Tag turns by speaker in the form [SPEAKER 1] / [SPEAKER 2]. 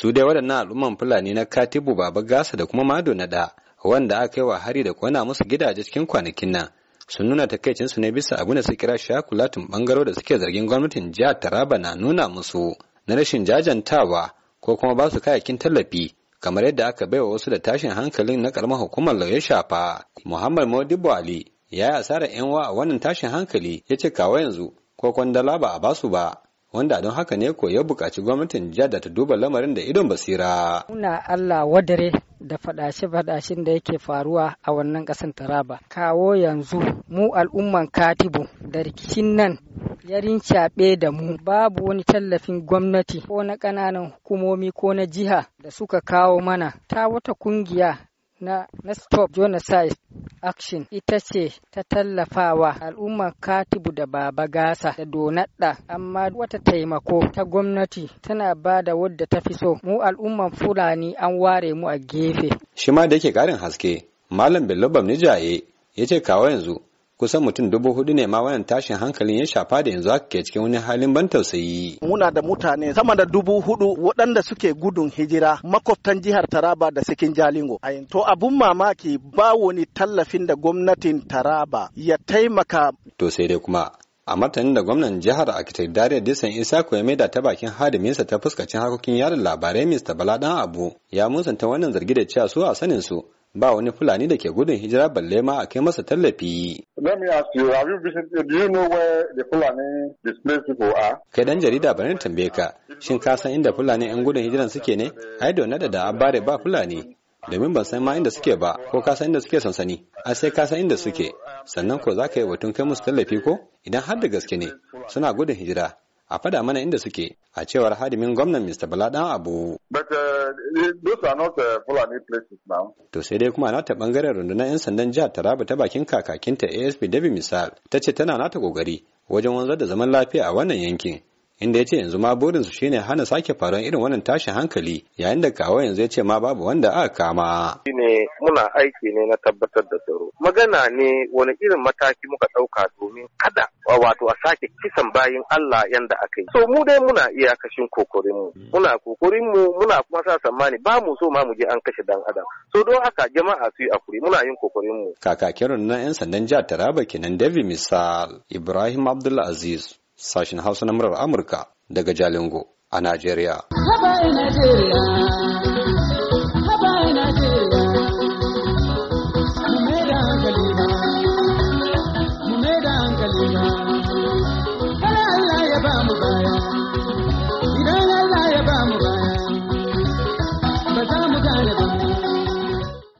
[SPEAKER 1] su dai waɗannan al'umman fulani na katibu baba gasa da kuma mado na da wanda aka yi wa hari da kona musu gidaje cikin kwanakin nan sun nuna takaicinsu ne bisa abin da su kira shakulatin bangaro da suke zargin gwamnatin jihar taraba na nuna musu na rashin jajantawa ko kuma ba su kayakin tallafi kamar yadda aka bai wa wasu da tashin hankalin na karamar hukumar lauya shafa muhammad modibo ali ya yi asarar yan wa a wannan tashin hankali ya ce kawo yanzu ko kwandala ba a basu ba wanda don haka ne ko ya buƙaci gwamnatin jihar da ta duba lamarin da idon basira.
[SPEAKER 2] Muna Allah wadare da faɗace-faɗacen da yake faruwa a wannan ƙasar Taraba. Kawo yanzu mu al'umman Katibu da rikicin nan ya rincaɓe da mu babu wani tallafin gwamnati ko na ƙananan hukumomi ko na jiha da suka kawo mana ta wata ƙungiya. na, na Stop Action ita ce ta tallafawa al'ummar Katibu da Baba Gasa da Donadda, amma wata taimako ta gwamnati tana ba da wadda ta fi so. Mu al'ummar Fulani an ware mu a gefe.
[SPEAKER 1] Shi ma da yake ƙarin haske, Malam Bello Bamnijaye ya ce kawo yanzu kusan mutum dubu hudu ne ma wannan tashin hankalin ya shafa da yanzu haka ke cikin wani halin ban tausayi.
[SPEAKER 2] Muna da mutane sama da dubu hudu waɗanda suke gudun hijira makwabtan jihar Taraba da sikin Jalingo. To abun mamaki ba wani tallafin da gwamnatin Taraba ya taimaka.
[SPEAKER 1] To sai dai kuma a martanin da gwamnan jihar akitar dariya disan isa ya maida ta bakin hadiminsa ta fuskacin harkokin yaron labarai mr bala dan abu ya musanta wannan zargi da cewa su a sanin su ba wani Fulani da ke gudun hijira balle ma a kai masa tallafi. Let Kai dan jarida bari na tambaye ka, shin ka san inda Fulani 'yan gudun hijiran suke ne? Ai na da da abare ba Fulani. Domin ban san ma inda suke ba, ko ka san inda suke sansani, a sai ka san inda suke. Sannan ko za ka yi batun kai musu tallafi ko? Idan har da gaske ne, suna gudun hijira, a fada mana inda suke a cewar hadimin gwamnan Mr. Baladan Abu.
[SPEAKER 2] But uh, those are not uh, Fulani places now.
[SPEAKER 1] To sai dai kuma nata bangaren rundunar 'yan sandan jihar Taraba ta bakin kakakinta ASP David Misal ta ce tana nata kokari wajen wanzar da zaman lafiya a wannan yankin. inda ya ce yanzu ma burinsu shine hana sake faruwar irin wannan tashin hankali yayin da kawo yanzu ya ce ma babu wanda aka kama. Shine muna aiki ne na tabbatar da tsaro. Magana ne wani irin mataki muka ɗauka domin kada wato a sake kisan bayin Allah yanda aka yi. So mu dai muna iyakashin kokorinmu. Muna kokorinmu muna kuma sa tsammani ba mu so ma mu je an kashe dan adam. So don haka jama'a su yi akuri muna yin kokorinmu. Kakakin na 'yan sandan jihar Taraba kenan David Misal Ibrahim Abdulaziz. Sashen Hausa na murar Amurka daga Jalingo a Najeriya.